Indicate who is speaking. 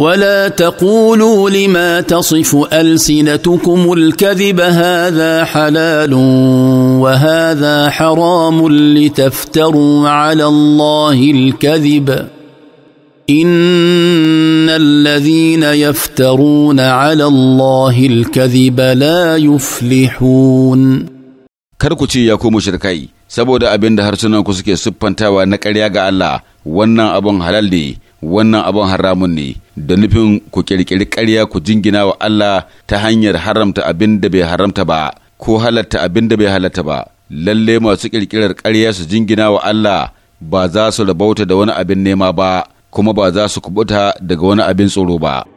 Speaker 1: ولا تقولوا لما تصف السنتكم الكذب هذا حلال وهذا حرام لتفتروا على الله الكذب ان الذين يفترون على الله الكذب لا يفلحون
Speaker 2: كركوتي يا كومو شركاي saboda abin da harsunanku suke siffantawa na ƙarya ga Allah wannan abin halal ne wannan abin haramun ne da nufin ku ƙirƙiri ƙarya ku jingina wa Allah ta hanyar haramta abin da bai haramta ba ko halatta abin da bai halatta ba lalle masu ƙirƙirar ƙarya su jingina
Speaker 3: wa Allah ba za su rabauta da wani abin nema ba kuma ba za su kubuta daga wani abin tsoro ba